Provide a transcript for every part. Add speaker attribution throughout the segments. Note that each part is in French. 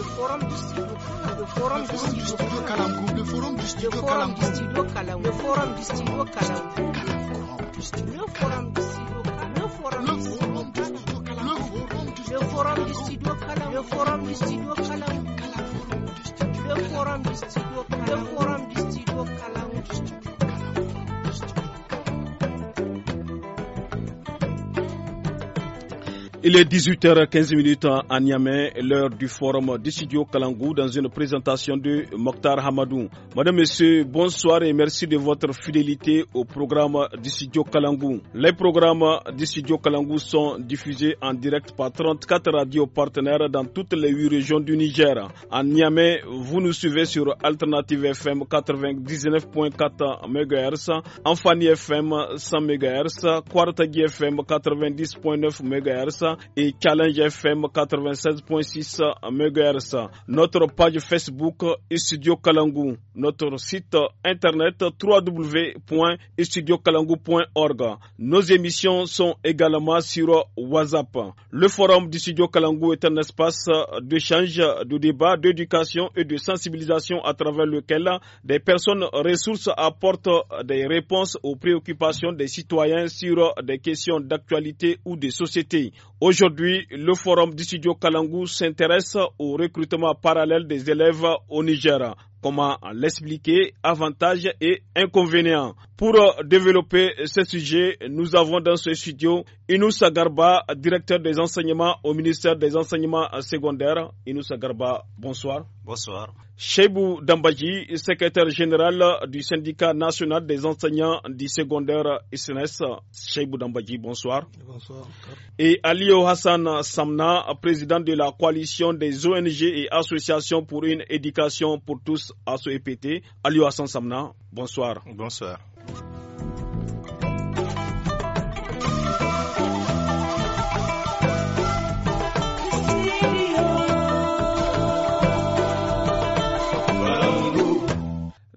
Speaker 1: le forum du studio le forum du studio le forum du studio le forum du studio le forum du studio le forum du studio le forum du studio
Speaker 2: le forum du studio le forum du forum forum
Speaker 3: Il est 18h15 à Niamey, l'heure du forum du studio Kalangou dans une présentation de Mokhtar Hamadou. Madame, Messieurs, bonsoir et merci de votre fidélité au programme du studio Kalangou. Les programmes du studio Kalangou sont diffusés en direct par 34 radios partenaires dans toutes les 8 régions du Niger. À Niamey, vous nous suivez sur Alternative FM 99.4 MHz, Enfani FM 100 MHz, Quarta FM 90.9 MHz, et Challenge FM 96.6 MHz. Notre page Facebook Studio Kalangu. Notre site internet www.studiokalangu.org. Nos émissions sont également sur WhatsApp. Le forum du Studio Kalangu est un espace d'échange, de débat, d'éducation et de sensibilisation à travers lequel des personnes ressources apportent des réponses aux préoccupations des citoyens sur des questions d'actualité ou de société. Aujourd'hui, le forum du Kalangu s'intéresse au recrutement parallèle des élèves au Niger comment l'expliquer, avantages et inconvénients. Pour euh, développer ce sujet, nous avons dans ce studio Inoussa Garba, directeur des enseignements au ministère des enseignements euh, secondaires. Inoussa Garba, bonsoir. Bonsoir. Cheibou Dambaji, secrétaire général euh, du syndicat national des enseignants du secondaire SNS. Cheibou Dambaji, bonsoir. Bonsoir. Et Alio Hassan Samna, président de la coalition des ONG et associations pour une éducation pour tous Asso EPT, Aliou Hassan Samna. Bonsoir. Bonsoir.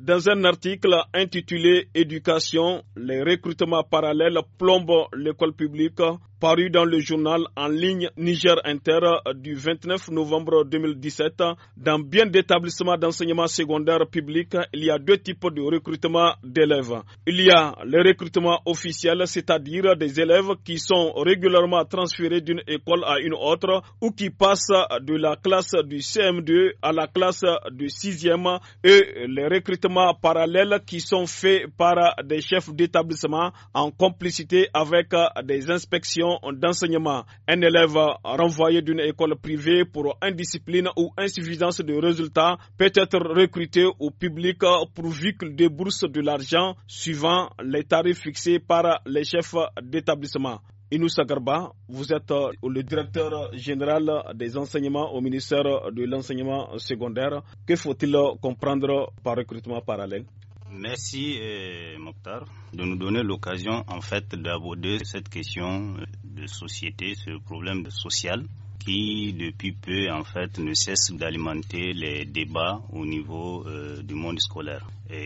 Speaker 3: Dans un article intitulé Éducation, les recrutements parallèles plombent l'école publique, paru dans le journal en ligne Niger Inter du 29 novembre 2017, dans bien d'établissements d'enseignement secondaire public, il y a deux types de recrutement d'élèves. Il y a le recrutement officiel, c'est-à-dire des élèves qui sont régulièrement transférés d'une école à une autre ou qui passent de la classe du CM2 à la classe du 6e et les recrutements parallèles qui sont faits par euh, des chefs d'établissement en complicité avec euh, des inspections d'enseignement. Un élève euh, renvoyé d'une école privée pour indiscipline ou insuffisance de résultats peut être recruté au public pourvu qu'il débourse de l'argent suivant les tarifs fixés par les chefs d'établissement. Inou Sagarba, vous êtes euh, le directeur général des enseignements au ministère de l'enseignement secondaire. Que faut-il comprendre par recrutement parallèle
Speaker 2: Merci euh, Mokhtar de nous donner l'occasion en fait d'aborder cette question de société, ce problème social qui depuis peu en fait ne cesse d'alimenter les débats au niveau euh, du monde scolaire.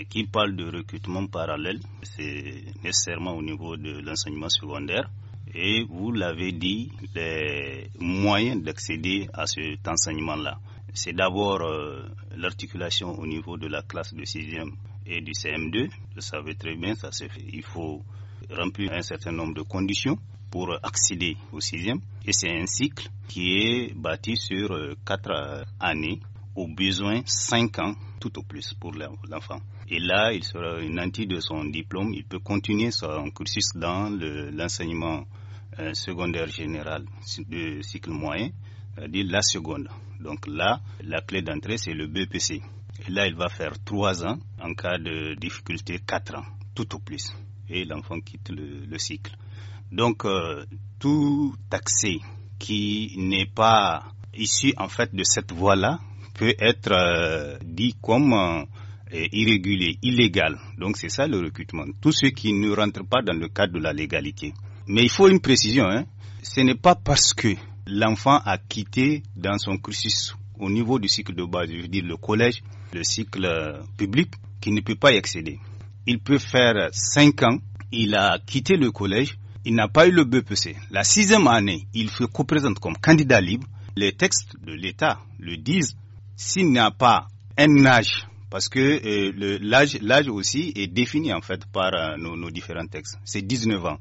Speaker 2: qui parle de recrutement parallèle, c'est nécessairement au niveau de l'enseignement secondaire et vous l'avez dit, les moyens d'accéder à cet enseignement-là. C'est d'abord euh, l'articulation au niveau de la classe de 6e et du CM2. Vous savez très bien, ça Il faut remplir un certain nombre de conditions pour accéder au 6e. Et c'est un cycle qui est bâti sur euh, quatre euh, années, au besoin 5 ans tout au plus pour l'enfant. Et là, il sera anti de son diplôme, il peut continuer son cursus dans l'enseignement un euh, secondaire général de cycle moyen, euh, dit la seconde. Donc là, la clé d'entrée, c'est le BPC. Et là, il va faire 3 ans, en cas de difficulté 4 ans, tout au plus. Et l'enfant quitte le, cycle. Donc, euh, tout accès qui n'est pas issu en fait de cette voie-là peut être dit comme irrégulier, illégal. Donc c'est ça le recrutement. Tout ce qui ne rentre pas dans le cadre de la légalité. Mais il faut une précision. Hein. Ce n'est pas parce que l'enfant a quitté dans son cursus au niveau du cycle de base, je veux dire le collège, le cycle public, qu'il ne peut pas y accéder. Il peut faire 5 ans, il a quitté le collège, il n'a pas eu le BPC. E La sixième année, il se présente comme candidat libre. Les textes de l'État le disent. S'il n'a pas un âge, parce que euh, l'âge aussi est défini en fait par euh, nos, nos différents textes, c'est 19 ans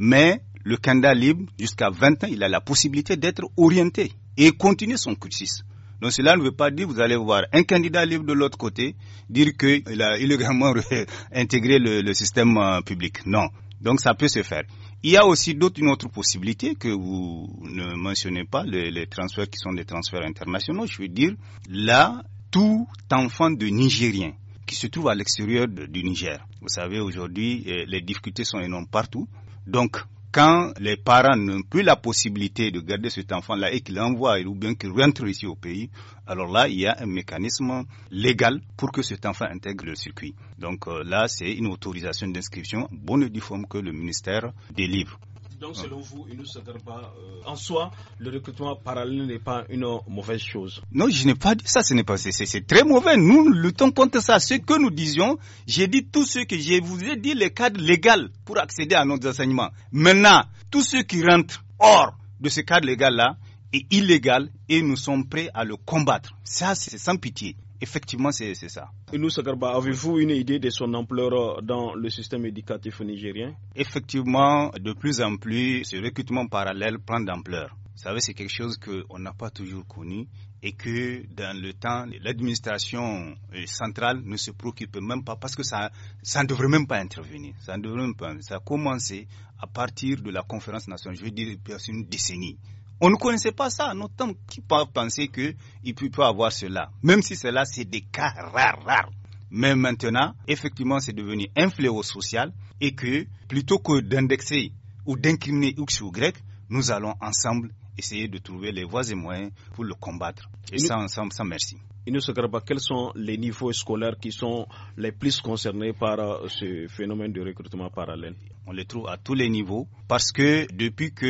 Speaker 2: mais le candidat libre, jusqu'à 20 ans, il a la possibilité d'être orienté et continuer son cursus. Donc cela ne veut pas dire que vous allez voir un candidat libre de l'autre côté dire qu'il a illégalement intégré le, système euh, public. Non. Donc ça peut se faire. Il y a aussi d'autres, une autre possibilité que vous ne mentionnez pas, les, les, transferts qui sont des transferts internationaux. Je veux dire, là, tout enfant de Nigérien qui se trouve à l'extérieur du Niger. Vous savez, aujourd'hui, eh, les difficultés sont énormes partout. Donc, quand les parents n'ont plus la possibilité de garder cet enfant-là et qu'ils l'envoient ou bien qu'ils rentrent ici au pays, alors là, il y a un mécanisme légal pour que cet enfant intègre le circuit. Donc euh, là, c'est une autorisation d'inscription bonne et forme que le ministère délivre.
Speaker 3: Donc, ah. selon vous, il ne pas en soi, le recrutement parallèle n'est pas une mauvaise chose.
Speaker 2: Non, je n'ai pas dit ça, ce n'est pas, c'est très mauvais. Nous luttons contre ça. Ce que nous disions, j'ai dit tout ce que je vous ai dit, les cadres légal pour accéder à nos enseignements. Maintenant, tous ceux qui rentrent hors de ce cadre légal-là est illégal et nous sommes prêts à le combattre. Ça, c'est sans pitié effectivement, c'est ça.
Speaker 3: Et nous, Sagarba, avez-vous une idée de
Speaker 2: son ampleur euh, dans le système éducatif nigérien Effectivement, de plus en plus, ce recrutement parallèle prend d'ampleur. Vous savez, c'est quelque chose qu'on n'a pas toujours connu et que dans le temps, l'administration euh, centrale ne se préoccupe même pas parce que ça, ça ne devrait même pas intervenir. Ça ne devrait même pas. Ça a commencé à partir de la conférence nationale, je veux dire, depuis une décennie. On ne connaissait pas ça. Nos temps qui peuvent penser qu'il peut, peut avoir cela. Même si cela, c'est des cas rares, rares. Mais maintenant, effectivement, c'est devenu un fléau social et que plutôt que d'indexer ou d'incriminer X ou Grec, nous allons ensemble essayer de trouver les voies et moyens pour le combattre. Et ça, ensemble, ça, merci. Inus quels sont les niveaux scolaires qui sont les plus concernés par euh, ce phénomène de recrutement parallèle On les trouve à tous les niveaux parce que depuis que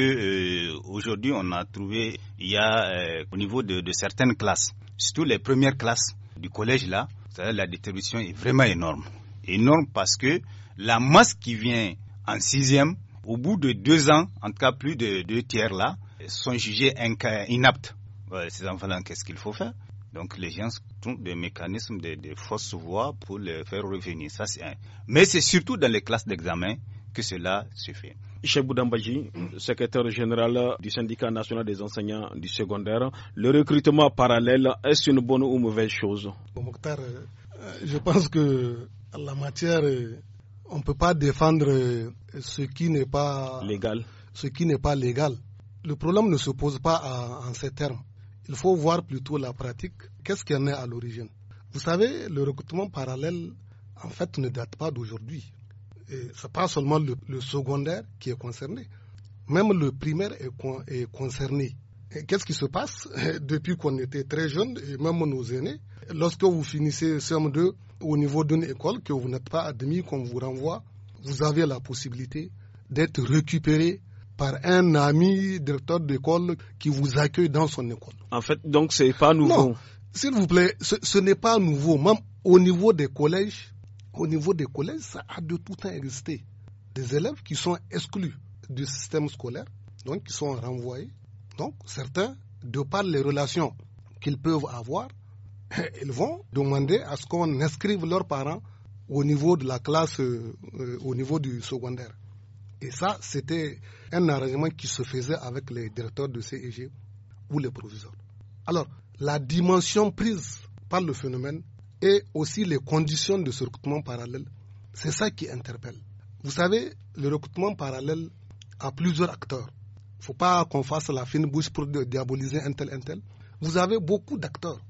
Speaker 2: euh, aujourd'hui on a trouvé, il y a euh, au niveau de, de, certaines classes, surtout les premières classes du collège là, la distribution est vraiment énorme. Énorme parce que la masse qui vient en sixième, au bout de deux ans, en tout cas plus de deux tiers là, sont jugés inaptes. Ces enfants-là, qu'est-ce qu'il faut faire Donc les gens trouvent des mécanismes de, de voie pour les faire revenir. Ça, Mais c'est surtout dans les classes d'examen que cela se fait. Cheikh Boudambaji,
Speaker 3: secrétaire général du syndicat national des enseignants du secondaire, le recrutement parallèle, est-ce une bonne ou mauvaise chose
Speaker 4: euh, je pense que la matière, euh, on ne peut pas défendre euh, ce qui n'est pas légal. Ce qui n'est pas légal. Le problème ne se pose pas en ces termes. Il faut voir plutôt la pratique. Qu'est-ce qui en est à l'origine Vous savez, le recrutement parallèle, en fait, ne date pas d'aujourd'hui. Ce n'est pas seulement le, secondaire qui est concerné. Même le primaire est, est concerné. Qu'est-ce qui se passe depuis qu'on était très jeunes, et même nos aînés Lorsque vous finissez CM2 au niveau d'une école, que vous n'êtes pas admis, qu'on vous renvoie, vous avez la possibilité d'être récupéré par un ami directeur d'école qui vous accueille dans son école.
Speaker 3: En fait, donc c'est pas
Speaker 4: nouveau. S'il vous plaît, ce, n'est pas nouveau. Même au niveau des collèges, au niveau des collèges, ça a de tout temps existé. Des élèves qui sont exclus du système scolaire, donc qui sont renvoyés. Donc certains, de par les relations qu'ils peuvent avoir, ils vont demander à ce qu'on inscrive leurs parents au niveau de la classe, euh, au niveau du secondaire. Et ça, c'était un arrangement qui se faisait avec les directeurs de CEG ou les proviseurs. Alors, la dimension prise par le phénomène et aussi les conditions de ce recrutement parallèle, c'est ça qui interpelle. Vous savez, le recrutement parallèle a plusieurs acteurs. Il ne faut pas qu'on fasse la fine bouche pour diaboliser un tel, un tel. Vous avez beaucoup d'acteurs.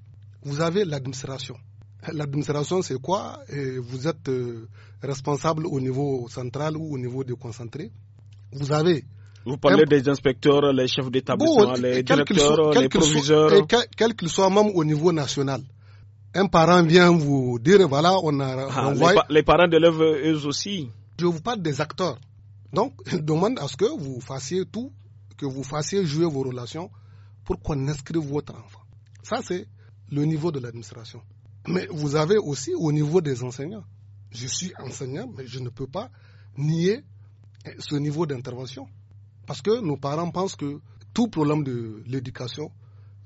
Speaker 4: Vous avez l'administration l'administration, c'est quoi Vous êtes euh, responsable au niveau central ou au niveau déconcentré Vous avez.
Speaker 3: Vous parlez des inspecteurs, les chefs d'établissement, les directeurs, les proviseurs.
Speaker 4: quel, qu'ils soient, même au niveau national. Un parent vient vous dire voilà, on a. Ah, les, parents de les, eux aussi. Je vous parle des acteurs. Donc, je demande à ce que vous fassiez tout, que vous fassiez jouer vos relations pour qu'on inscrive votre enfant. Ça, c'est le niveau de l'administration. Mais vous avez aussi au niveau des enseignants. Je suis enseignant, mais je ne peux pas nier ce niveau d'intervention. Parce que nos parents pensent que tout problème de l'éducation,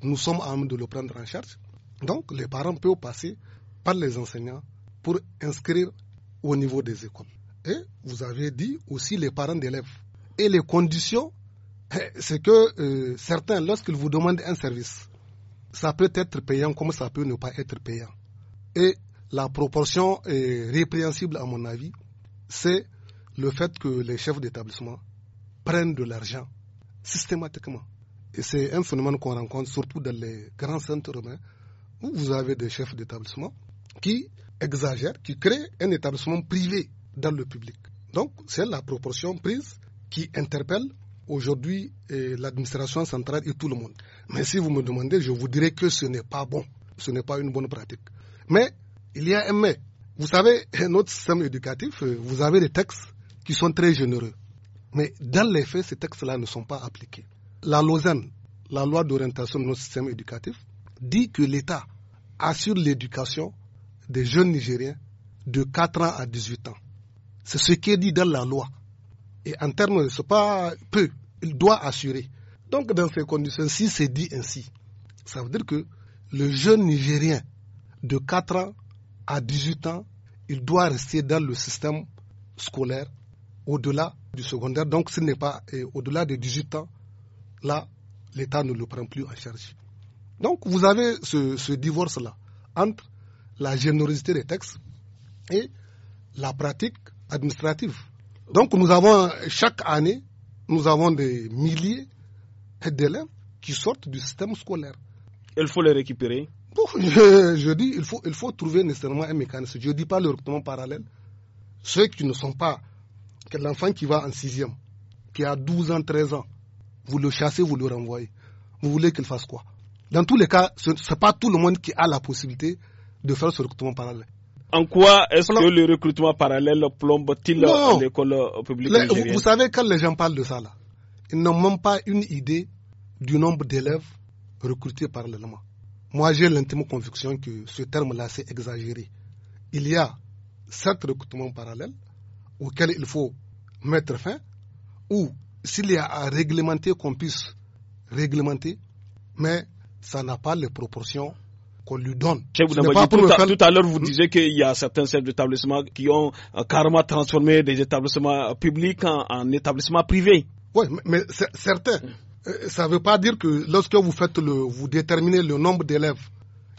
Speaker 4: nous sommes en train de le prendre en charge. Donc les parents peuvent passer par les enseignants pour inscrire au niveau des écoles. Et vous avez dit aussi les parents d'élèves. Et les conditions, eh, c'est que euh, certains, lorsqu'ils vous demandent un service, ça peut être payant comme ça peut ne pas être payant. Et la proportion est répréhensible à mon avis, c'est le fait que les chefs d'établissement prennent de l'argent systématiquement. Et c'est un phénomène qu'on rencontre surtout dans les grands centres romains où vous avez des chefs d'établissement qui exagèrent, qui créent un établissement privé dans le public. Donc c'est la proportion prise qui interpelle aujourd'hui eh, l'administration centrale et tout le monde. Mais si vous me demandez, je vous dirais que ce n'est pas bon, ce n'est pas une bonne pratique. Mais il y a un mais. Vous savez, notre système éducatif, euh, vous avez des textes qui sont très généreux. Mais dans les faits, ces textes-là ne sont pas appliqués. La Lausanne, la loi d'orientation de notre système éducatif, dit que l'État assure l'éducation des jeunes Nigériens de 4 ans à 18 ans. C'est ce qui est dit dans la loi. Et en termes de ce pas peu, il doit assurer. Donc dans ces conditions-ci, c'est dit ainsi. Ça veut dire que le jeune Nigérien de 4 ans à 18 ans, il doit rester dans le système scolaire au-delà du secondaire. Donc s'il n'est pas au-delà de 18 ans, là, l'État ne le prend plus en charge. Donc vous avez ce, divorce-là entre la générosité des textes et la pratique administrative. Donc nous avons chaque année, nous avons des milliers d'élèves qui sortent du système scolaire. Il faut les récupérer je, dis, il faut, il faut trouver nécessairement un mécanisme. Je ne dis pas le recrutement parallèle. Ceux qui ne sont pas, que l'enfant qui va en sixième, qui a 12 ans, 13 ans, vous le chassez, vous le renvoyez. Vous voulez qu'il fasse quoi Dans tous les cas, ce n'est pas tout le monde qui a la possibilité de faire ce recrutement parallèle. En quoi est-ce que le
Speaker 3: recrutement parallèle plombe-t-il l'école euh, publique vous,
Speaker 4: savez, quand les gens parlent de ça, là, ils n'ont même pas une idée du nombre d'élèves recrutés parallèlement. Moi, j'ai l'intime conviction que ce terme-là, c'est exagéré. Il y a sept recrutements parallèles auxquels il faut mettre fin, ou s'il y a à réglementer, qu'on puisse réglementer, mais ça n'a pas les proportions qu'on lui donne. tout,
Speaker 3: à, l'heure, vous disiez qu'il y a certains chefs qui
Speaker 4: ont euh, carrément transformé des établissements publics en, établissements privés. Oui, mais certains. Euh, ça ne veut pas dire que lorsque vous faites le, vous déterminez le nombre d'élèves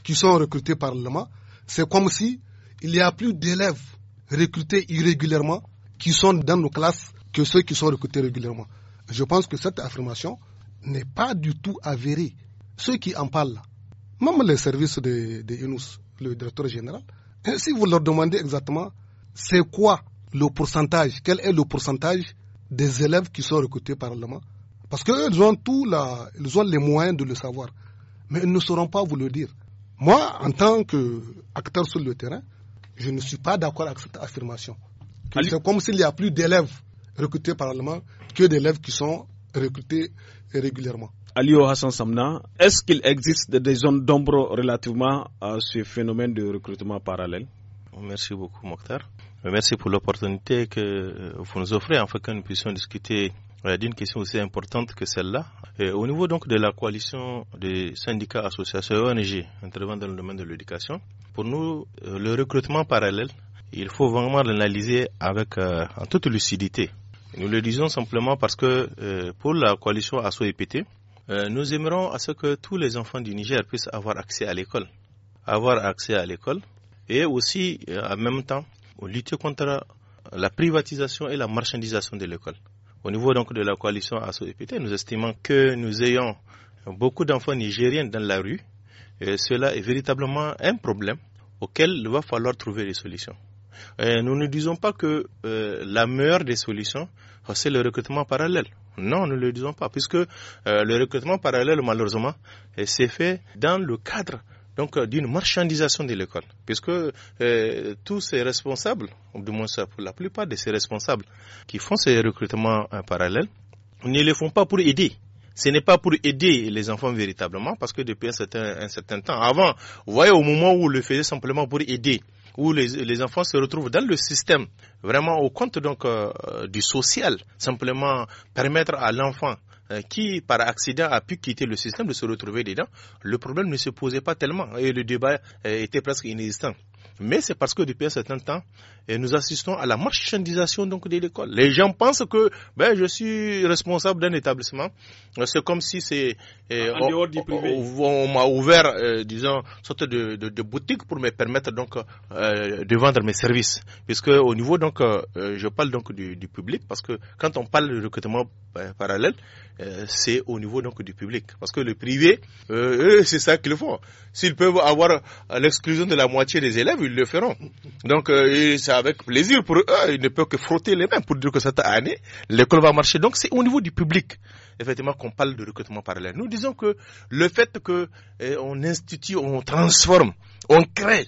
Speaker 4: qui sont recrutés par l'EMA, c'est comme si il y a plus d'élèves recrutés irrégulièrement qui sont dans nos classes que ceux qui sont recrutés régulièrement. Je pense que cette affirmation n'est pas du tout avérée. Ceux qui en parlent, même les services de, de le directeur général, hein, si vous leur demandez exactement c'est quoi le pourcentage, quel est le pourcentage des élèves qui sont recrutés par l'EMA, parce qu'ils ont tout ont les moyens de le savoir. Mais ils ne sauront pas vous le dire. Moi, en tant qu'acteur sur le terrain, je ne suis pas d'accord avec cette affirmation. C'est comme s'il n'y a plus d'élèves recrutés parallèlement que d'élèves qui sont recrutés régulièrement.
Speaker 3: Alio Hassan Samna, est-ce qu'il existe des zones d'ombre relativement à ce phénomène de recrutement parallèle Merci beaucoup, Mokhtar.
Speaker 1: Merci pour l'opportunité que vous nous offrez afin que nous puissions discuter euh, d'une question aussi importante que celle-là. Euh, au niveau donc de la coalition des syndicats, associations et ONG intervenant dans le domaine de l'éducation, pour nous, euh, le recrutement parallèle, il faut vraiment l'analyser avec en toute lucidité. Nous le disons simplement parce que pour la coalition asso nous aimerons à ce que tous les enfants du Niger puissent avoir accès à l'école. Avoir accès à l'école et aussi, en même temps, lutter contre la privatisation et la marchandisation de l'école. Au niveau de la coalition ce nous estimons que nous ayons beaucoup d'enfants nigériens dans la rue. cela est véritablement un problème auquel il va falloir trouver des solutions. nous ne disons pas que euh, la meilleure des solutions, c'est le recrutement parallèle. Non, nous ne le disons pas, puisque euh, le recrutement parallèle, malheureusement, euh, s'est fait dans le cadre donc euh, d'une marchandisation de l'école, puisque euh, tous ces responsables, du moins pour la plupart de ces responsables qui font ces recrutements en parallèle, ne les font pas pour aider. Ce n'est pas pour aider les enfants véritablement, parce que depuis un certain, temps, avant, vous voyez, au moment où on le faisait simplement pour aider, où les, les, enfants se retrouvent dans le système, vraiment au compte donc euh, du social, simplement permettre à l'enfant euh, qui, par accident, a pu quitter le système, de se retrouver dedans, le problème ne se posait pas tellement et le débat euh, était presque inexistant. Mais c'est parce que depuis un certain temps, euh, nous assistons à la marchandisation donc de l'école. Les gens pensent que ben, je suis responsable d'un établissement. C'est comme si c'est on, m'a ouvert, disons, une sorte de, boutique pour me permettre donc de vendre mes services. Puisque au niveau donc, je parle donc du, public parce que quand on parle de recrutement parallèle, euh, c'est au niveau donc du public. Parce que le privé, euh, c'est ça qu'ils font. S'ils peuvent avoir l'exclusion de la moitié des élèves, ils le feront. Donc euh, c'est avec plaisir pour eux, ils ne peuvent que frotter les mains pour dire que cette année, l'école va marcher. Donc c'est au niveau du public, effectivement, qu'on parle de recrutement parallèle. Nous disons que le fait que eh, on institue, on transforme, on crée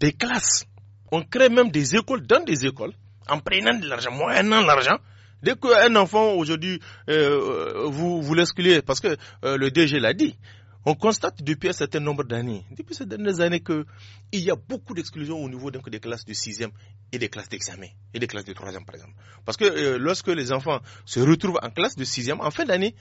Speaker 1: des classes, on crée même des écoles dans des écoles, en prenant de l'argent, moyennant l'argent, Dès qu'un enfant aujourd'hui euh, vous, vous l'excluez, parce que euh, le DG l'a dit, on constate depuis un certain nombre d'années, depuis ces dernières années, qu'il y a beaucoup d'exclusions au niveau donc, des classes de 6e et des classes d'examen, et des classes de 3e par exemple. Parce que euh, lorsque les enfants se retrouvent en classe de 6e, en fin d'année,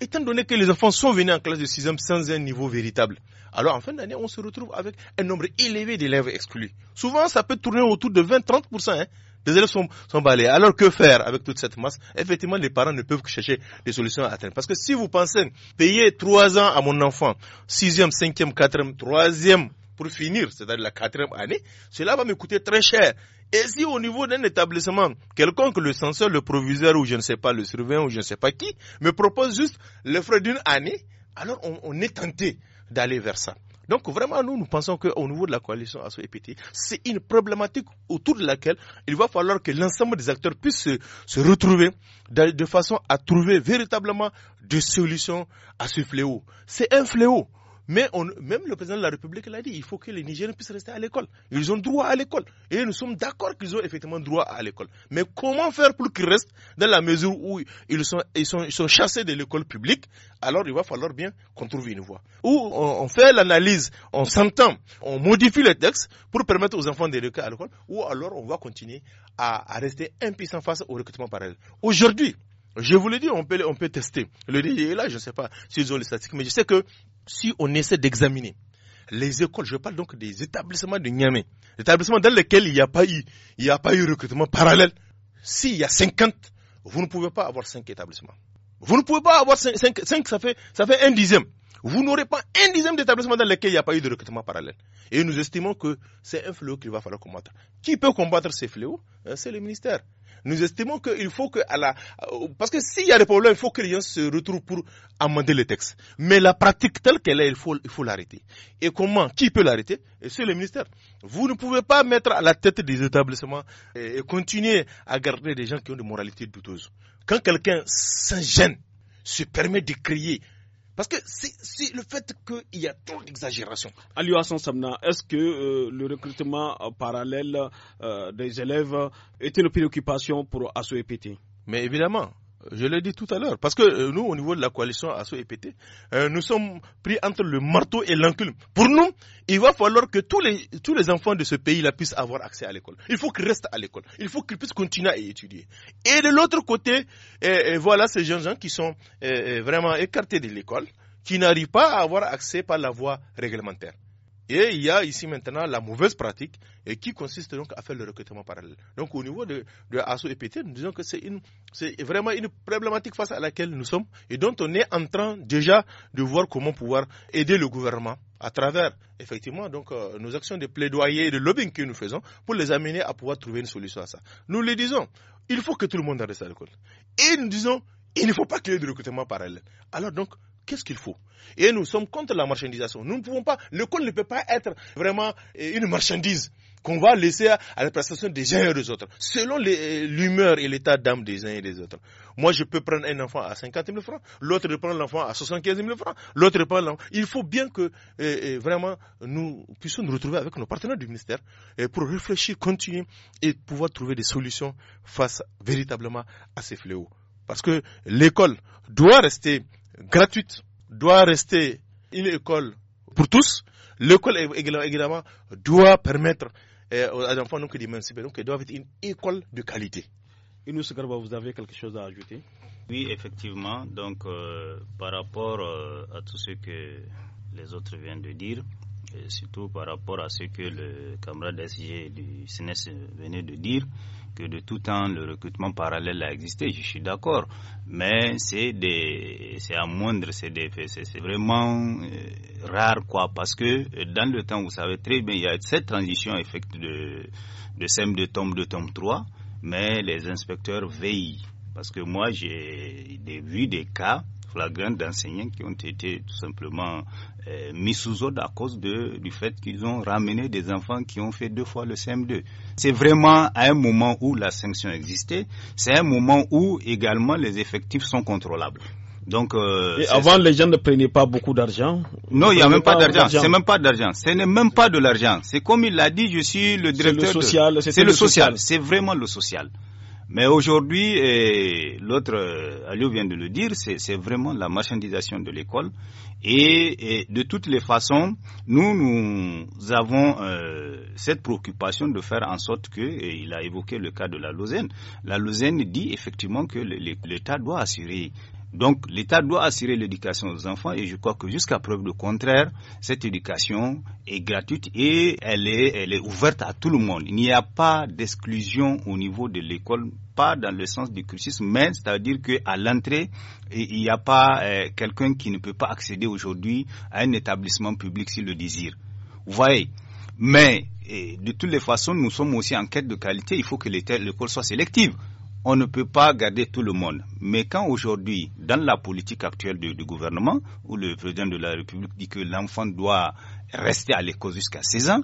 Speaker 1: étant donné que les enfants sont venus en classe de 6e sans un niveau véritable, alors en fin d'année, on se retrouve avec un nombre élevé d'élèves exclus. Souvent, ça peut tourner autour de 20-30%. Les élèves sont, sont balayés. Alors que faire avec toute cette masse Effectivement, les parents ne peuvent que chercher des solutions à atteindre. Parce que si vous pensez payer trois ans à mon enfant, sixième, cinquième, quatrième, troisième, pour finir, c'est-à-dire la quatrième année, cela va me coûter très cher. Et si au niveau d'un établissement quelconque, le censeur, le proviseur ou je ne sais pas, le surveillant ou je ne sais pas qui, me propose juste le frais d'une année, alors on est tenté d'aller vers ça. Donc vraiment, nous, nous pensons qu'au niveau de la coalition asso EPT, c'est une problématique autour de laquelle il va falloir que l'ensemble des acteurs puissent se, retrouver de, façon à trouver véritablement des solutions à ce fléau. C'est un fléau. Mais on, même le président de la République l'a dit, il faut que les Nigériens puissent rester à l'école. Ils ont droit à l'école. Et nous sommes d'accord qu'ils ont effectivement droit à l'école. Mais comment faire pour qu'ils restent dans la mesure où ils sont, ils sont, ils sont chassés de l'école publique Alors il va falloir bien qu'on trouve une voie. ou on, fait l'analyse, on s'entend, on modifie le texte pour permettre aux enfants de à l'école, ou alors on va continuer à, rester impuissant face au recrutement parallèle. Aujourd'hui, je vous le dis, on peut, on peut tester. Le e, là, je ne sais pas s'ils ont les statistiques, mais je sais que si on essaie d'examiner les écoles, je parle donc des établissements de Niamey, établissements dans lesquels il n'y a pas eu, il n'y a pas eu recrutement parallèle. S'il y a 50, vous ne pouvez pas avoir cinq établissements. Vous ne pouvez pas avoir cinq ça fait, ça fait un dixième. Vous n'aurez pas un dixième d'établissement dans lequel il n'y a pas eu de recrutement parallèle. Et nous estimons que c'est un fléau qu'il va falloir combattre. Qui peut combattre ces fléaux euh, C'est le ministère. Nous estimons qu'il faut que, euh, parce que s'il y a des problèmes, il faut que les gens se retrouvent pour amender les textes. Mais la pratique telle qu'elle est, il faut, l'arrêter. Et comment Qui peut l'arrêter euh, C'est le ministère. Vous ne pouvez pas mettre à la tête des établissements et continuer à garder des gens qui ont des moralités douteuses. Quand quelqu'un s'engêne,
Speaker 3: se permet de crier, parce que c'est le fait qu'il y a trop d'exagération. à Samna, est-ce que euh, le recrutement euh, parallèle euh, des élèves était une préoccupation pour ASOEPT Mais évidemment, je l'ai dit tout à l'heure. Parce que
Speaker 1: euh, nous, au niveau de la coalition ASSO et PT, euh, nous sommes pris entre le marteau et l'enclume. Pour nous, il va falloir que tous les, tous les enfants de ce pays-là puissent avoir accès à l'école. Il faut qu'ils restent à l'école. Il faut qu'ils puissent continuer à étudier. Et de l'autre côté, euh, voilà ces jeunes gens qui sont vraiment écartés de l'école, qui n'arrivent pas à avoir accès par la voie réglementaire. Et il y a ici maintenant la mauvaise pratique et qui consiste donc à faire le recrutement parallèle. Donc au niveau de, de ASSO et nous disons que c'est vraiment une problématique face à laquelle nous sommes et dont on est en train déjà de voir comment pouvoir aider le gouvernement à travers effectivement donc euh, nos actions de plaidoyer et de lobbying que nous faisons pour les amener à pouvoir trouver une solution à ça. Nous le disons, il faut que tout le monde reste à l'école. Et nous disons, il ne faut pas qu'il y ait de recrutement parallèle. Alors donc, qu'est-ce qu'il faut Et nous sommes contre la marchandisation. Nous ne pouvons pas, l'école ne peut pas être vraiment euh, une marchandise qu'on va laisser à, la prestation des uns et des autres, selon euh, l'humeur et l'état d'âme des uns et des autres. Moi, je peux prendre un enfant à 50 000 francs, l'autre prendre l'enfant à 75 000 francs, l'autre prend l'enfant. Il faut bien que euh, vraiment nous puissions nous retrouver avec nos partenaires du ministère pour réfléchir, continuer et pouvoir trouver des solutions face véritablement à ces fléaux. Parce que l'école doit rester gratuite doit rester une école pour tous. L'école, également, doit permettre euh, aux enfants donc, d'émanciper. Donc, être une
Speaker 3: école de qualité. Inus Garba, vous avez quelque chose à ajouter
Speaker 2: Oui, effectivement. Donc, euh, par rapport euh, à tout ce que les autres viennent de dire, et surtout par rapport à ce que le camarade SG du CNES e venait de dire, que de tout temps le recrutement parallèle a existé, je suis d'accord, mais c'est c'est à moindre, c'est c'est vraiment euh, rare quoi parce que euh, dans le temps vous savez très bien il y a cette transition effect de de SEM de tombe de tombe 3, mais les inspecteurs veillent parce que moi j'ai vu des cas graine d'enseignants qui ont été tout simplement euh, mis sous ordre à cause de, du fait qu'ils ont ramené des enfants qui ont fait deux fois le CM2. C'est vraiment à un moment où la sanction existait, c'est un moment où également les effectifs sont contrôlables. Donc, euh, avant, les
Speaker 3: gens ne prenaient pas beaucoup d'argent. Non, il n'y a même pas, d'argent. C'est même
Speaker 2: pas d'argent. Ce n'est même pas de l'argent. C'est comme il l'a dit, je suis le directeur. C'est social. C'est le social. C'est vraiment le social. Mais aujourd'hui, l'autre, euh, Aliou vient de le dire, c'est vraiment la marchandisation de l'école. Et, de toutes les façons, nous, nous avons euh, cette préoccupation de faire en sorte que, il a évoqué le cas de la Lausanne, la Lausanne dit effectivement que l'État doit assurer donc l'État doit assurer l'éducation aux enfants et je crois que jusqu'à preuve de contraire, cette éducation est gratuite et elle est, ouverte à tout le monde. Il n'y a pas d'exclusion au niveau de l'école, pas dans le sens du cursus, mais c'est-à-dire qu'à l'entrée, il n'y a pas euh, quelqu'un qui ne peut pas accéder aujourd'hui à un établissement public s'il le désire. Vous voyez Mais de toutes les façons, nous sommes aussi en quête de qualité, il faut que l'école soit sélective on ne peut pas garder tout le monde. Mais quand aujourd'hui, dans la politique actuelle du, gouvernement, où le président de la République dit que l'enfant doit rester à l'école jusqu'à 16 ans,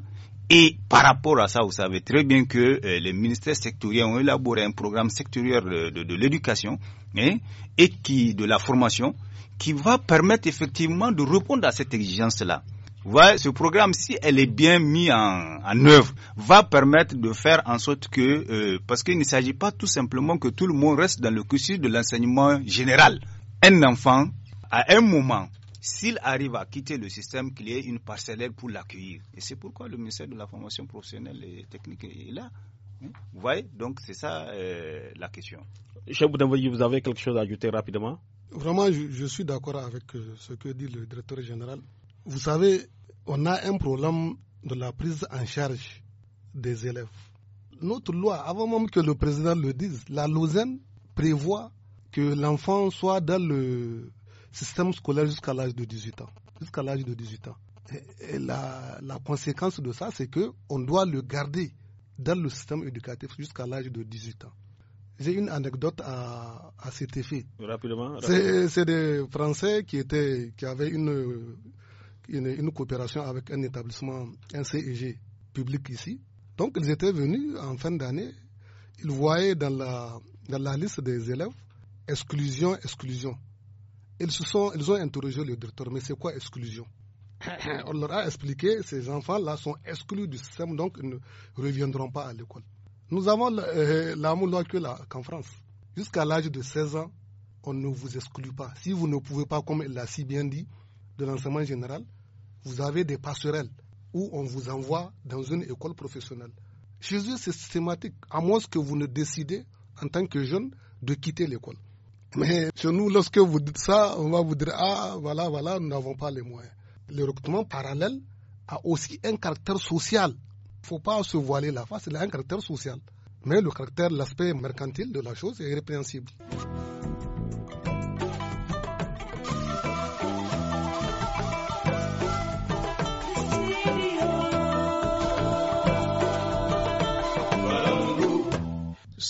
Speaker 2: et par rapport à ça, vous savez très bien que euh, les ministères sectoriels ont élaboré un programme sectoriel de, l'éducation hein, et qui, de la formation qui va permettre effectivement de répondre à cette exigence-là. Ouais, ce programme, si elle est bien mise en, œuvre, va permettre de faire en sorte que, euh, parce qu'il ne s'agit pas tout simplement que tout le monde reste dans le cursus de l'enseignement général. Un enfant, à un moment, s'il arrive à quitter le système, qu'il y ait une parcelle pour l'accueillir. Et c'est pourquoi le ministère de la formation professionnelle et technique est là. Hein? Vous voyez Donc c'est ça euh, la question.
Speaker 3: Cher Boudin, vous avez quelque chose à ajouter rapidement
Speaker 4: Vraiment, je suis d'accord avec euh, ce que dit le directeur général. Vous savez, on a un problème de la prise en charge des élèves. Notre loi, avant même que le président le dise, la Lausanne prévoit que l'enfant soit dans le système scolaire jusqu'à l'âge de 18 ans. Jusqu'à l'âge de 18 ans. Et, la, conséquence de ça, c'est qu'on doit le garder dans le système éducatif jusqu'à l'âge de 18 ans. J'ai une anecdote à, à cet effet.
Speaker 3: Rapidement. rapidement.
Speaker 4: C'est des Français qui, étaient, qui avaient une une, coopération avec un établissement, un CEG public ici. Donc, ils étaient venus en fin d'année. Ils voyaient dans la, dans la liste des élèves exclusion, exclusion. Ils, se sont, ils ont interrogé le directeur, mais c'est quoi exclusion On leur a expliqué, ces enfants-là sont exclus du système, donc ils ne reviendront pas à l'école. Nous avons euh, la loi que là, qu'en France. Jusqu'à l'âge de 16 ans, on ne vous exclut pas. Si vous ne pouvez pas, comme il l'a si bien dit, de l'enseignement général, vous avez des passerelles où on vous envoie dans une école professionnelle. Chez eux, c'est systématique, à moins que vous ne décidez, en tant que jeune, de quitter l'école. Mais chez nous, lorsque vous dites ça, on va vous dire Ah, voilà, voilà, nous n'avons pas les moyens. Le recrutement parallèle a aussi un caractère social. Il ne faut pas se voiler la face, il a un caractère social. Mais le caractère, l'aspect mercantile de la chose est répréhensible.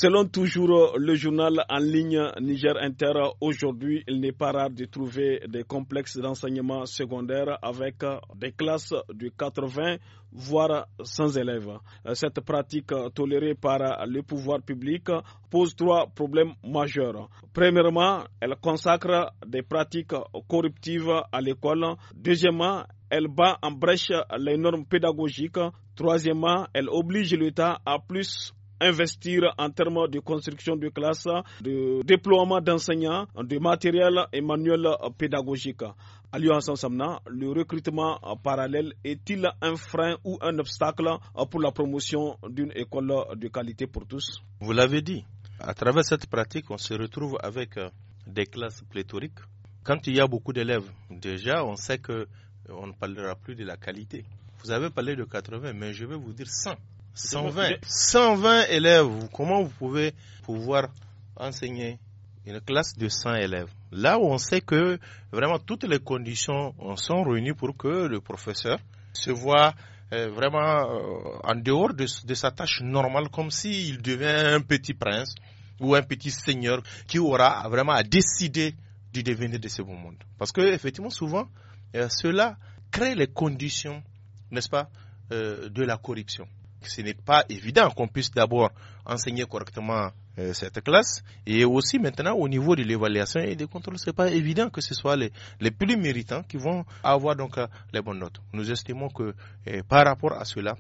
Speaker 3: Selon toujours le journal en ligne Niger Inter, aujourd'hui, il n'est pas rare de trouver des complexes d'enseignement secondaire avec des classes de 80 voire 100 élèves. Cette pratique tolérée par le pouvoir public pose trois problèmes majeurs. Premièrement, elle consacre des pratiques corruptives à l'école. Deuxièmement, elle bat en brèche les normes pédagogiques. Troisièmement, elle oblige l'État à plus investir en termes de construction de classes, de déploiement d'enseignants, de matériel et manuel pédagogique. Alliance ensemble, le recrutement parallèle est-il un frein ou un obstacle pour la promotion d'une école de qualité pour tous
Speaker 1: Vous l'avez dit, à travers cette pratique, on se retrouve avec euh, des classes pléthoriques. Quand il y a beaucoup d'élèves, déjà, on sait que on ne parlera plus de la qualité. Vous avez parlé de 80, mais je vais vous dire 100. 120. 120 élèves. Comment vous pouvez pouvoir enseigner une classe de 100 élèves Là où on sait que vraiment toutes les conditions sont réunies pour que le professeur se voit euh, vraiment euh, en dehors de, sa tâche normale, comme s'il devient un petit prince ou un petit seigneur qui aura vraiment à décider du devenir de ce bon monde. Parce que effectivement, souvent, euh, cela crée les conditions, n'est-ce pas, de la corruption ce n'est pas évident qu'on puisse d'abord enseigner correctement euh, cette classe. Et aussi maintenant au niveau de l'évaluation et des contrôles, ce n'est pas évident que ce soit les, plus méritants qui vont avoir donc euh, les bonnes notes. Nous estimons que euh, par rapport à cela,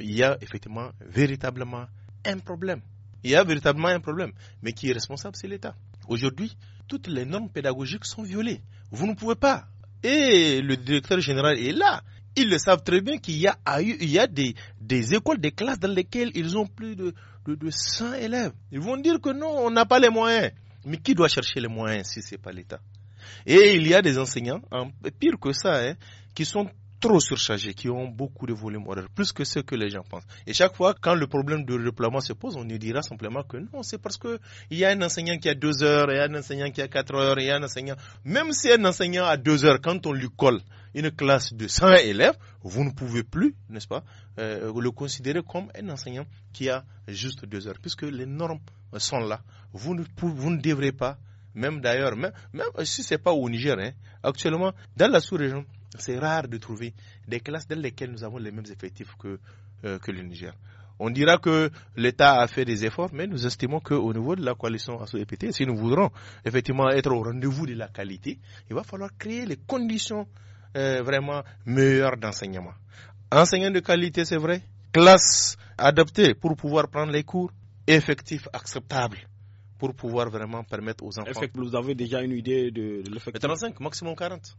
Speaker 1: il y a effectivement véritablement un problème. Il y a véritablement un problème. Mais qui est responsable, c'est l'État. Aujourd'hui, toutes les normes pédagogiques sont violées. Vous ne pouvez pas. Et le directeur général est là. Ils le savent très bien qu'il y a, il y a des, écoles, des classes dans lesquelles ils ont plus de, 100 élèves. Ils vont dire que non, on n'a pas les moyens. Mais qui doit chercher les moyens si ce n'est pas l'État Et il y a des enseignants, pire que ça, hein, qui sont trop surchargés, qui ont beaucoup de volume horaire, plus que ce que les gens pensent. Et chaque fois, quand le problème de déploiement se pose, on nous dira simplement que non, c'est parce qu'il y a un enseignant qui a deux heures, il y a un enseignant qui a quatre heures, il y a un enseignant. Même si un enseignant a deux heures, quand on lui colle une classe de 100 élèves, vous ne pouvez plus, n'est-ce pas, euh, le considérer comme un enseignant qui a juste deux heures, puisque les normes sont là. Vous ne, vous ne devrez pas, même d'ailleurs, même, si ce n'est pas au Niger, hein, actuellement, dans la sous-région, c'est rare de trouver des classes dans lesquelles nous avons les mêmes effectifs que, euh, le Niger. On dira que l'État a fait des efforts, mais nous estimons qu'au niveau de la coalition ASSO-EPT, si nous voudrons effectivement être au rendez-vous de la qualité, il va falloir créer les conditions euh, vraiment meilleures d'enseignement. Enseignants de qualité, c'est vrai, Classes adaptées pour pouvoir prendre les cours,
Speaker 3: effectifs acceptables pour pouvoir vraiment permettre aux enfants. Effect, vous avez déjà une idée de l'effectif 35, maximum 40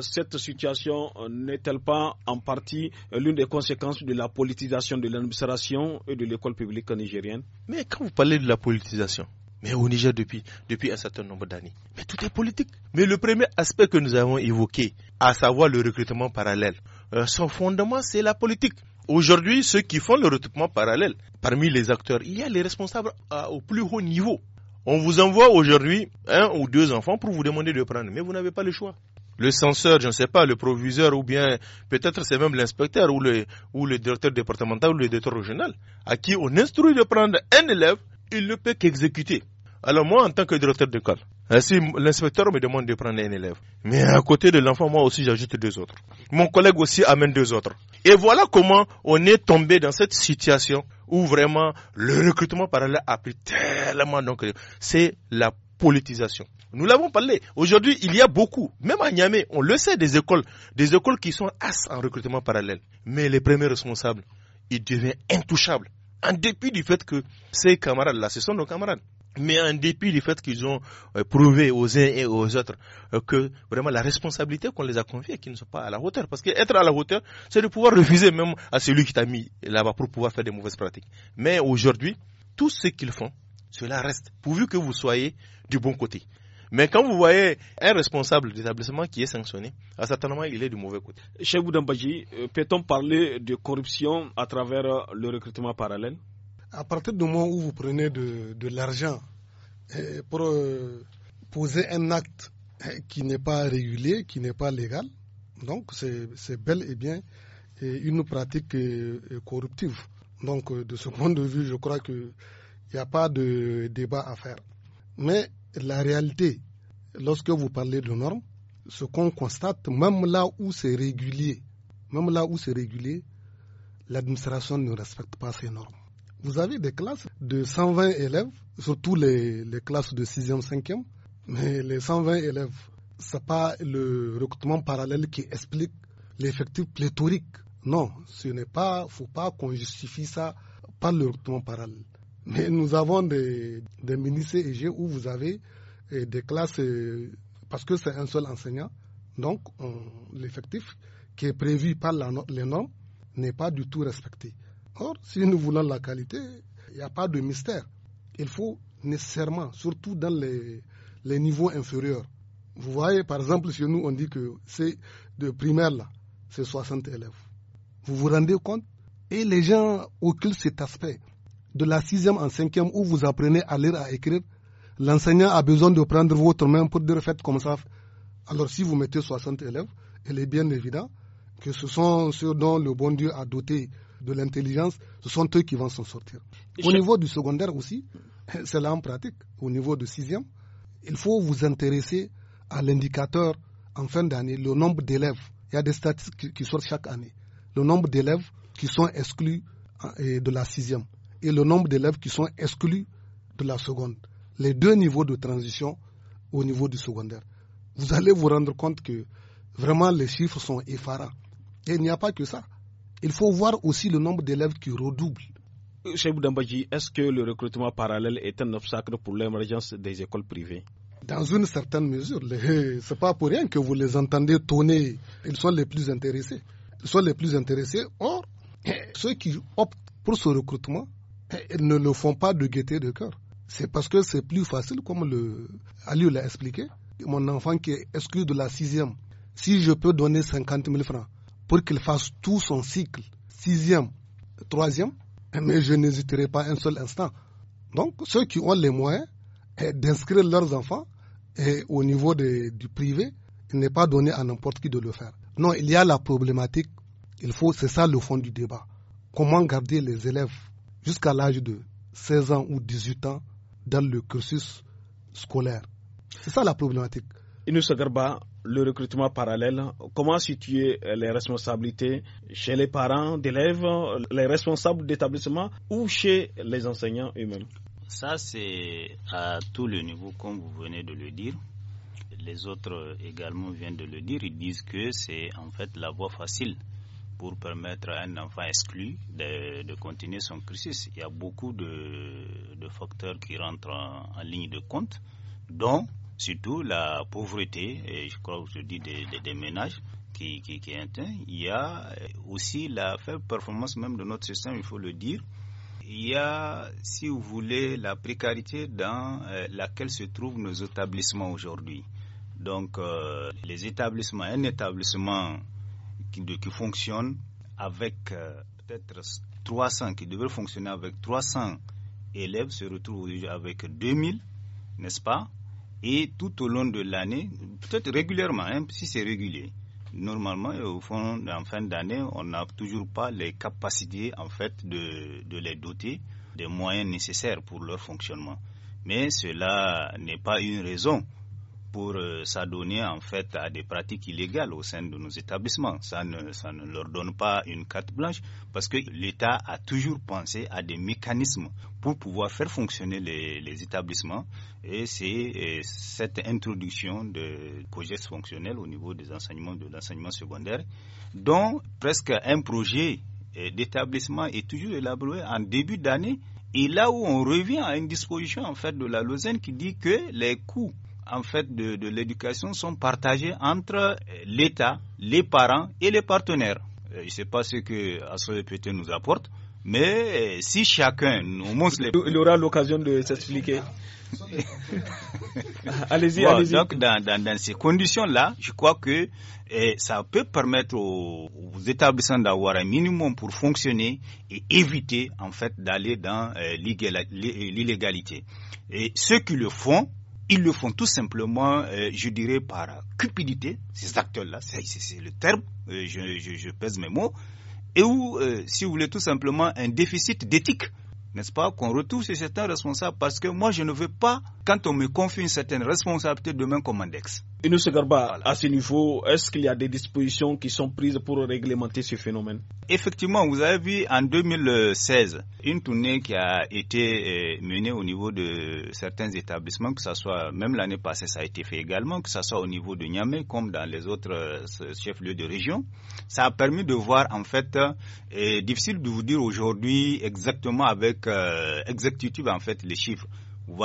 Speaker 3: cette situation n'est-elle pas en partie l'une des conséquences de la politisation de l'administration et de l'école publique nigérienne Mais quand vous parlez de la politisation, mais au Niger depuis, depuis un certain nombre d'années.
Speaker 1: Mais tout est politique. Mais le premier aspect que nous avons évoqué, à savoir le recrutement parallèle, euh, son fondement, c'est la politique. Aujourd'hui, ceux qui font le recrutement parallèle, parmi les acteurs, il y a les responsables au plus haut niveau. On vous envoie aujourd'hui un ou deux enfants pour vous demander de prendre, mais vous n'avez pas le choix. Le censeur, je ne sais pas, le proviseur ou bien peut-être c'est même l'inspecteur ou le, directeur départemental ou le directeur régional, à qui on instruit de prendre un élève, il ne peut qu'exécuter. Alors moi, en tant que directeur d'école, si l'inspecteur me demande de prendre un élève, mais à côté de l'enfant, moi aussi j'ajoute deux autres. Mon collègue aussi amène deux autres. Et voilà comment on est tombé dans cette situation où vraiment le recrutement parallèle a pris tellement donc c'est la politisation. Nous l'avons parlé. Aujourd'hui, il y a beaucoup, même à Niamey, on le sait, des écoles, des écoles qui sont as en recrutement parallèle. Mais les premiers responsables, ils deviennent intouchables. En dépit du fait que ces camarades-là, ce sont nos camarades. Mais en dépit du fait qu'ils ont euh, prouvé aux uns et aux autres euh, que vraiment la responsabilité qu'on les a confiée, qu'ils ne sont pas à la hauteur. Parce qu'être à la hauteur, c'est de pouvoir refuser même à celui qui t'a mis là-bas pour pouvoir faire des mauvaises pratiques. Mais aujourd'hui, tout ce qu'ils font, cela reste, pourvu que vous soyez du bon côté. Mais quand vous voyez un responsable d'établissement qui est sanctionné, à ah, moment il est du mauvais côté. Chez
Speaker 3: Baji, euh, peut-on parler de corruption à travers le recrutement parallèle
Speaker 4: à partir du moment où vous prenez de, l'argent eh, pour euh, poser un acte eh, qui n'est pas régulier, qui n'est pas légal, donc c'est bel et bien eh, une pratique corruptive. Donc euh, de ce point de vue, je crois qu'il n'y a pas de débat à faire. Mais la réalité, lorsque vous parlez de normes, ce qu'on constate, même là où c'est régulier, même là où c'est régulier, l'administration ne respecte pas ces normes. Vous avez des classes de 120 élèves, surtout les, classes de 6e, 5e. Mais les 120 élèves, ce n'est pas le recrutement parallèle qui explique l'effectif pléthorique. Non, ce n'est pas, faut pas qu'on justifie ça par le recrutement parallèle. Mais nous avons des, des où vous avez eh, des classes, eh, parce que c'est un seul enseignant, donc l'effectif qui est prévu par la, les normes n'est pas du tout respecté. Or, si nous voulons la qualité, il n'y a pas de mystère. Il faut nécessairement, surtout dans les, niveaux inférieurs. Vous voyez, par exemple, chez nous, on dit que c'est de primaire là, c'est 60 élèves. Vous vous rendez compte Et les gens occultent cet aspect. De la sixième en cinquième, où vous apprenez à lire, à écrire, l'enseignant a besoin de prendre votre main pour dire faites comme ça. Alors si vous mettez 60 élèves, il est bien évident que ce sont ceux dont le bon Dieu a doté de l'intelligence, ce sont eux qui vont s'en sortir. Au niveau du secondaire aussi, c'est là en pratique. Au niveau du sixième, il faut vous intéresser à l'indicateur en fin d'année, le nombre d'élèves. Il y a des statistiques qui sortent chaque année. Le nombre d'élèves qui sont exclus de la sixième et le nombre d'élèves qui sont exclus de la seconde. Les deux niveaux de transition au niveau du secondaire. Vous allez vous rendre compte que vraiment les chiffres sont effarants. Et il n'y a pas que ça. Il faut voir aussi le nombre d'élèves qui redoublent.
Speaker 3: Euh, Cheikh Boudambaji, est-ce que le recrutement parallèle est un obstacle pour l'émergence des écoles privées
Speaker 4: dans une certaine mesure. Ce n'est pas pour rien que vous les entendez tonner. Ils sont les plus intéressés. Ils les plus intéressés. Or, ceux qui optent pour ce recrutement, ne le font pas de gaieté de cœur. C'est parce que c'est plus facile, comme le Ali l'a expliqué. Mon enfant qui est exclu de la sixième, si je peux donner 50 000 francs, pour qu'il fasse tout son cycle, sixième, troisième, mais je n'hésiterai pas un seul instant. Donc, ceux qui ont les moyens eh, d'inscrire leurs enfants et eh, au niveau de, du privé, il n'est pas donné à n'importe qui de le faire. Non, il y a la problématique. Il faut, c'est ça le fond du débat. Comment garder les élèves jusqu'à l'âge de 16 ans ou 18 ans dans le cursus scolaire C'est ça la problématique.
Speaker 3: Il Inus pas le recrutement parallèle, comment situer euh, les responsabilités chez les parents d'élèves, les responsables d'établissement ou chez les enseignants eux-mêmes
Speaker 2: Ça, c'est à tout le niveau, comme vous venez de le dire. Les autres également viennent de le dire. Ils disent que c'est en fait la voie facile pour permettre à un enfant exclu de, continuer son cursus. Il y a beaucoup de, facteurs qui rentrent en, en ligne de compte, dont surtout la pauvreté, et je crois que je dis des, des, ménages qui, qui, qui est Il y a aussi la faible performance même de notre système, il faut le dire. Il y a, si vous voulez, la précarité dans euh, laquelle se trouvent nos établissements aujourd'hui. Donc, euh, les établissements, un établissement qui, fonctionne avec euh, peut-être 300, qui devrait fonctionner avec 300 élèves, se retrouve avec 2000, n'est-ce pas et tout au long de l'année, peut-être régulièrement, hein, si c'est régulier, normalement, au fond, en fin d'année, on n'a toujours pas les capacités, en fait, de, de, les doter des moyens nécessaires pour leur fonctionnement. Mais cela n'est pas une raison pour euh, s'adonner en fait à des pratiques illégales au sein de nos établissements. Ça ne, ne leur donne pas une carte blanche parce que l'État a toujours pensé à des mécanismes pour pouvoir faire fonctionner les, établissements et c'est euh, cette introduction de projets fonctionnels au niveau des enseignements de l'enseignement secondaire dont presque un projet euh, d'établissement est toujours élaboré en début d'année et là où on revient à une disposition en fait de la Lausanne qui dit que les coûts en fait de, l'éducation sont partagés entre l'État, les parents et les partenaires. Euh, je ne sais pas ce que ASOEPT nous apporte, mais euh, si chacun, nous montre les... Il aura l'occasion de s'expliquer. allez-y, allez-y. Donc, dans, ces conditions-là, je crois que euh, ça peut permettre aux, établissements d'avoir un minimum pour fonctionner et éviter, en fait, d'aller dans l'illégalité. Et ceux qui le font, ils le font tout simplement, euh, je dirais, par cupidité, ces acteurs-là, c'est le terme, euh, je, pèse mes mots, et où, euh, si vous voulez, tout simplement un déficit d'éthique, n'est-ce pas, qu'on retrouve chez certains responsables, parce que moi, je ne veux pas, quand on me confie une certaine responsabilité, demain comme index. Et nous, Garba, à ce niveau, est-ce qu'il y a des dispositions qui sont prises pour réglementer ce phénomène Effectivement, vous avez vu en 2016 une tournée qui a été euh, menée au niveau de certains établissements, que ce soit même l'année passée, ça a été fait également, que ce soit au niveau de Niamey comme dans les autres euh, chefs-lieux de région. Ça a permis de voir en fait, euh, et difficile de vous dire aujourd'hui exactement avec exactitude en fait les chiffres. Vous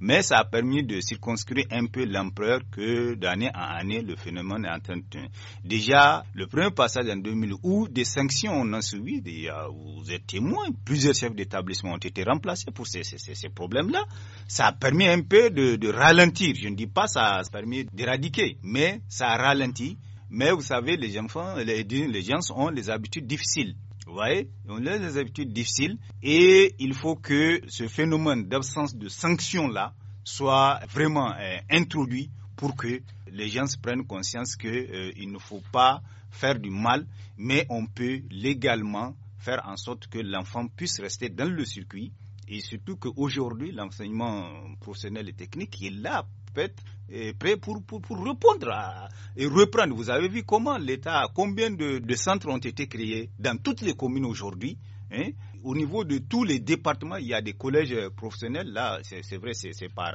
Speaker 2: Mais ça a permis de circonscrire un peu l'ampleur que d'année en année le phénomène est en train de Déjà, le premier passage en 2000 où des sanctions ont subi, vous êtes témoin, plusieurs chefs d'établissement ont été remplacés pour ces, ces, ces problèmes-là. Ça a permis un peu de, ralentir. Je ne dis pas ça a permis d'éradiquer, mais ça a ralenti. Mais vous savez, les enfants, les, les gens ont les habitudes difficiles. Vous On a des habitudes difficiles et il faut que ce phénomène d'absence de sanctions-là soit vraiment euh, introduit pour que les gens se prennent conscience qu'il euh, il ne faut pas faire du mal, mais on peut légalement faire en sorte que l'enfant puisse rester dans le circuit. Et surtout qu'aujourd'hui, l'enseignement professionnel et technique, est là peut-être prêt pour, pour, pour répondre et reprendre. Vous avez vu comment l'État, combien de, centres ont été créés dans toutes les communes aujourd'hui. Hein? Au niveau de tous les départements, il y a des collèges professionnels. Là, c'est vrai, c'est par,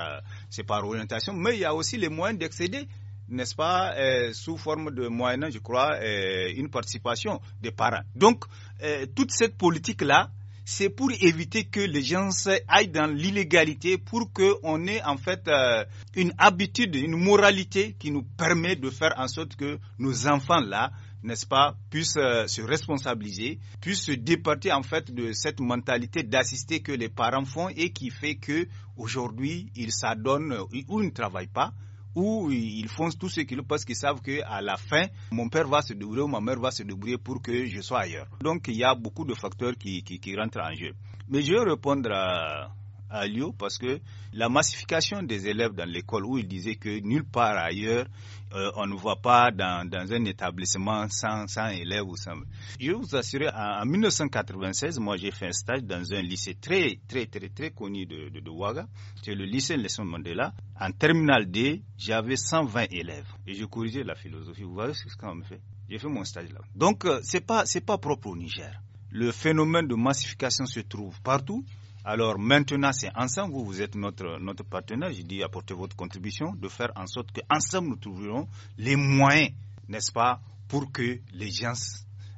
Speaker 2: par orientation, mais il y a aussi les moyens d'accéder n'est-ce pas, euh, sous forme de moyens, je crois, euh, une participation des parents. Donc, euh, toute cette politique-là, c'est pour éviter que les gens aillent dans l'illégalité, pour qu'on ait en fait euh, une habitude, une moralité qui nous permet de faire en sorte que nos enfants-là, n'est-ce pas, puissent euh, se responsabiliser, puissent se départir en fait de cette mentalité d'assister que les parents font et qui fait que aujourd'hui ils s'adonnent ou ils ne travaillent pas, où ils font tout ce qu'ils parce qu'ils savent qu'à la fin, mon père va se débrouiller ou ma mère va se débrouiller pour que je sois ailleurs. Donc il y a beaucoup de facteurs qui, qui, qui rentrent en jeu. Mais je vais répondre à à Lyon parce que la massification des élèves dans l'école où il disait que nulle part ailleurs euh, on ne voit pas dans, dans un établissement 100, élèves ou vais Je vous assure, en, 1996, moi j'ai fait un stage dans un lycée très très très très connu de, de, Ouaga, c'est le lycée Nelson Mandela. En terminale D, j'avais 120 élèves et je corrigeais la philosophie. Vous voyez ce qu'on me fait J'ai fait mon stage là. Donc euh, c'est pas c'est pas propre au Niger. Le phénomène de massification se trouve partout. Alors maintenant, c'est ensemble, vous, vous êtes notre, partenaire, je dis apporter votre contribution, de faire en sorte qu'ensemble nous trouverons les moyens, n'est-ce pas, pour que les gens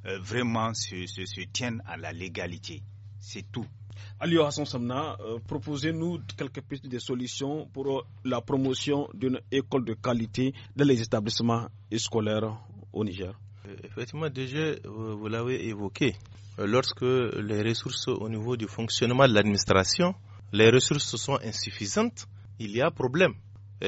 Speaker 2: euh, vraiment se, se, tiennent à la légalité. C'est tout. Alio Hassan Samna,
Speaker 3: euh, proposez-nous quelques pistes de solutions pour euh, la promotion d'une école de qualité dans les établissements scolaires au Niger.
Speaker 1: Effectivement, déjà, vous l'avez évoqué. Euh, lorsque les ressources au niveau du fonctionnement de l'administration, les ressources sont insuffisantes, il y a problème.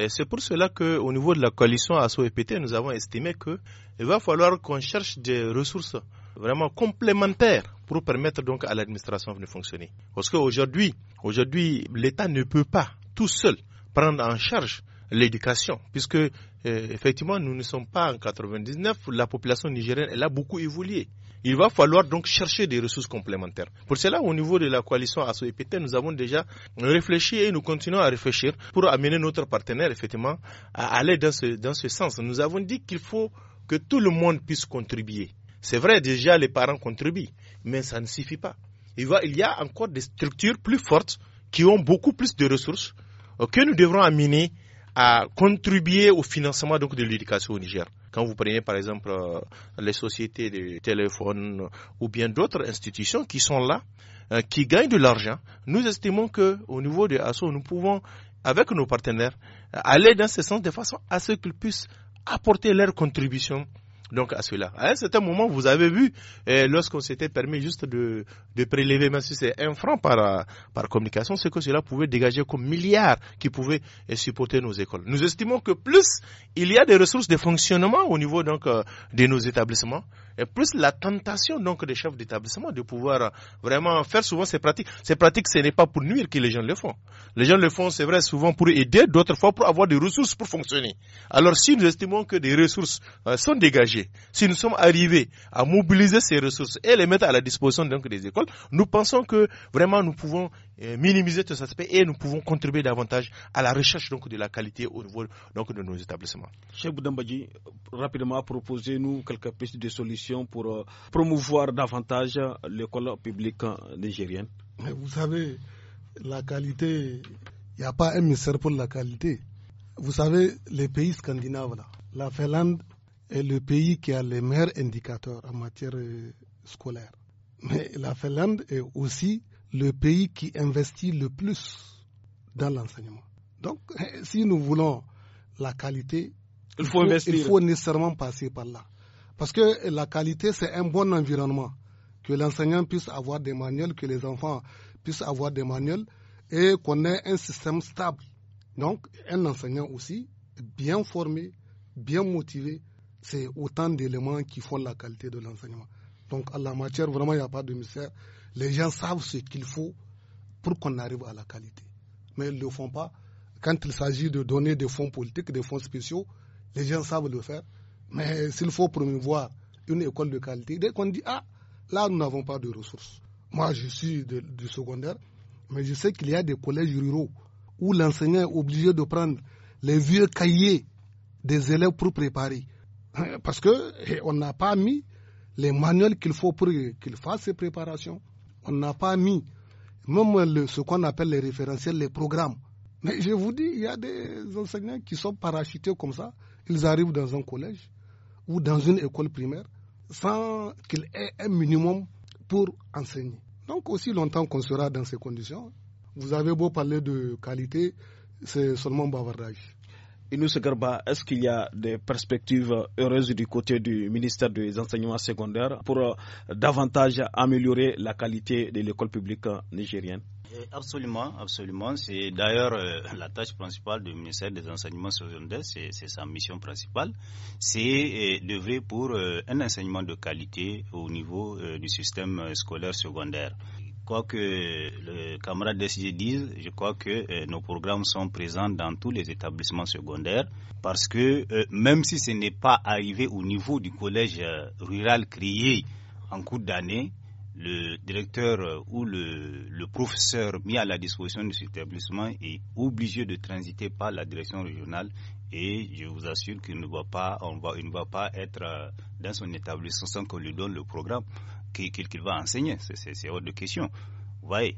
Speaker 1: C'est pour cela qu'au niveau de la coalition asso nous avons estimé qu'il va falloir qu'on cherche des ressources vraiment complémentaires pour permettre donc à l'administration de fonctionner. Parce qu'aujourd'hui, aujourd'hui, l'État ne peut pas tout seul prendre en charge l'éducation, puisque euh, effectivement nous ne sommes pas en 99, la population nigérienne elle a beaucoup évolué. Il va falloir donc chercher des ressources complémentaires. Pour cela, au niveau de la coalition ASOEPT, nous avons déjà réfléchi et nous continuons à réfléchir pour amener notre partenaire effectivement à aller dans ce, dans ce sens. Nous avons dit qu'il faut que tout le monde puisse contribuer. C'est vrai, déjà les parents contribuent, mais ça ne suffit pas. il y a encore des structures plus fortes qui ont beaucoup plus de ressources euh, que nous devrons amener à contribuer au financement donc, de l'éducation au Niger. Quand vous prenez par exemple euh, les sociétés de téléphone euh, ou bien d'autres institutions qui sont là, euh, qui gagnent de l'argent, nous estimons que au niveau de ASSO, nous pouvons, avec nos partenaires, aller dans ce sens de façon à ce qu'ils puissent apporter leur contribution donc à cela. À un certain moment, vous avez vu, eh, lorsqu'on s'était permis juste de, prélever, même si c'est un franc par, par communication, c'est que cela pouvait dégager comme milliards qui pouvaient eh, supporter nos écoles. Nous estimons que plus il y a des ressources de fonctionnement au niveau donc euh, de nos établissements, et plus la tentation donc des chefs d'établissement de pouvoir vraiment faire souvent ces pratiques. Ces pratiques, ce n'est pas pour nuire que les gens le font. Les gens le font, c'est vrai, souvent pour aider, d'autres fois pour avoir des ressources pour fonctionner. Alors si nous estimons que des ressources euh, sont dégagées, si nous sommes arrivés à mobiliser ces ressources et les mettre à la disposition donc des écoles, nous pensons que vraiment nous pouvons euh, minimiser tous ces aspect et nous pouvons contribuer davantage à la recherche donc de la qualité au niveau donc de nos
Speaker 3: établissements. Cheikh Boudambadji, rapidement proposez-nous quelques pistes de solutions pour euh, promouvoir davantage l'école publique nigérienne.
Speaker 4: Mais vous savez, la qualité, il n'y a pas un ministère pour la qualité. Vous savez, les pays scandinaves, la Finlande, est le pays qui a les meilleurs indicateurs en matière euh, scolaire. Mais la Finlande est aussi le pays qui investit le plus dans l'enseignement. Donc, eh, si nous voulons la qualité, il faut, investir. il faut nécessairement passer par là. Parce que la qualité, c'est un bon environnement. Que l'enseignant puisse avoir des manuels, que les enfants puissent avoir des manuels et qu'on ait un système stable. Donc, un enseignant aussi, bien formé, bien motivé, c'est autant d'éléments qui font la qualité de l'enseignement. Donc, à la matière, vraiment, il n'y a pas de mystère. Les gens savent ce qu'il faut pour qu'on arrive à la qualité. Mais ils ne le font pas. Quand il s'agit de donner des fonds politiques, des fonds spéciaux, les gens savent le faire. Mais s'il faut promouvoir une école de qualité, dès qu'on dit, ah, là, nous n'avons pas de ressources. Moi, je suis du secondaire, mais je sais qu'il y a des collèges ruraux où l'enseignant est obligé de prendre les vieux cahiers des élèves pour préparer. Parce que eh, on n'a pas mis les manuels qu'il faut pour qu'il fasse ses préparations. On n'a pas mis même ce qu'on appelle les référentiels, les programmes. Mais je vous dis, il y a des enseignants qui sont parachutés comme ça. Ils arrivent dans un collège ou dans une école primaire sans qu'il ait un minimum pour enseigner. Donc aussi longtemps qu'on sera dans ces conditions, vous avez beau parler de qualité, c'est seulement bavardage.
Speaker 3: Inus Garba, est-ce qu'il y a des perspectives heureuses du côté du ministère des enseignements secondaires pour euh, davantage améliorer la qualité de l'école publique euh, nigérienne
Speaker 2: euh, Absolument, absolument. C'est d'ailleurs la tâche principale du ministère des enseignements secondaires, c'est sa mission principale. C'est pour un enseignement de qualité au niveau du système scolaire secondaire quoi que le camarade DSG dise, je crois que euh, nos programmes sont présents dans tous les établissements secondaires parce que euh, même si ce n'est pas arrivé au niveau du collège euh, rural créé en cours d'année, le directeur ou le, professeur mis à la disposition de cet établissement est obligé de transiter par la direction régionale et je vous assure qu'il ne va pas être dans son établissement sans qu'on lui donne le programme qu'il va enseigner. C'est hors de question.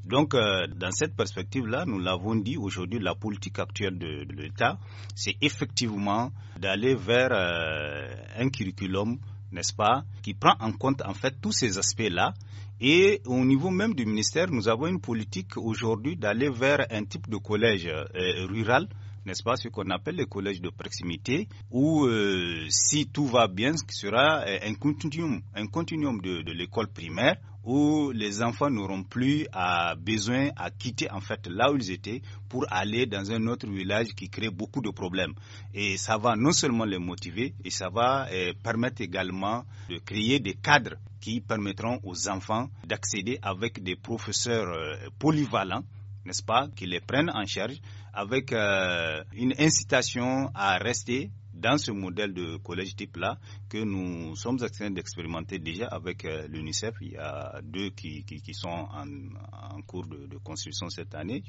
Speaker 2: Donc, euh, dans cette perspective-là, nous l'avons dit aujourd'hui, la politique actuelle de, l'État, c'est effectivement d'aller vers euh, un curriculum, n'est-ce pas, qui prend en compte en fait tous ces aspects-là. Et au niveau même du ministère, nous avons une politique aujourd'hui d'aller vers un type de collège euh, rural n'est-ce pas, ce qu'on appelle les collèges de proximité, où euh, si tout va bien, ce sera euh, un continuum, un continuum de, l'école primaire où les enfants n'auront plus à besoin à quitter en fait là où ils étaient pour aller dans un autre village qui crée beaucoup de problèmes. Et ça va non seulement les motiver, et ça va euh, permettre également de créer des cadres qui permettront aux enfants d'accéder avec des professeurs polyvalents n'est-ce pas, qui les prennent en charge avec euh, une incitation à rester dans ce modèle de collège type-là que nous sommes en train d'expérimenter déjà avec euh, l'UNICEF. Il y a deux qui, sont en, cours de, construction cette année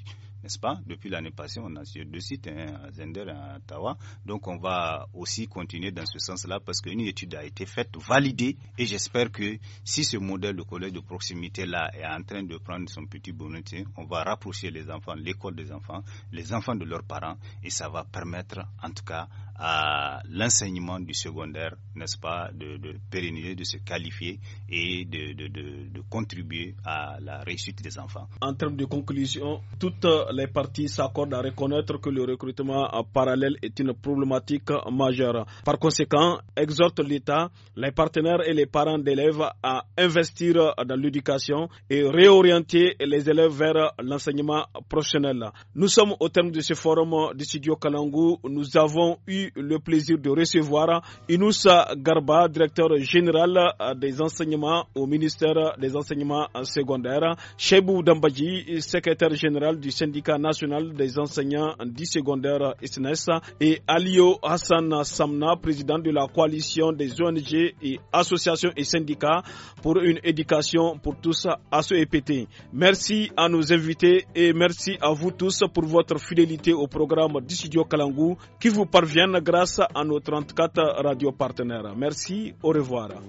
Speaker 2: n'est-ce pas Depuis l'année passée, on a sur deux sites, hein, à Zender et à Ottawa. Donc on va aussi continuer dans ce sens-là parce qu'une étude a été faite, validée, et j'espère que si ce modèle de collège de proximité-là est en train de prendre son petit bonnet, on va rapprocher les enfants, l'école des enfants, les enfants de leurs parents, et ça va permettre en tout cas à l'enseignement du secondaire, n'est-ce pas, de, pérenniser, de se qualifier et de, contribuer à la réussite des enfants.
Speaker 3: En termes de conclusion, toute les partis s'accordent à reconnaître que le recrutement euh, parallèle est une problématique euh, majeure. Par conséquent, exhorte l'État, les partenaires et les parents d'élèves à investir euh, dans l'éducation et réorienter les élèves vers l'enseignement professionnel. Nous sommes au terme de ce forum du studio Kalangou. Nous avons eu le plaisir de recevoir Inoussa Garba, directeur général des enseignements au ministère des enseignements secondaires, Chebou Dambadji, secrétaire général du syndicat national des enseignants du secondaire SNES, et Alio Hassan Samna, président de la coalition des ONG et associations et syndicats pour une éducation pour tous à ce EPT. Merci à nos invités et merci à vous tous pour votre fidélité au programme du studio Kalangou qui vous parviennent grâce à nos 34 radios partenaires. Merci, au revoir.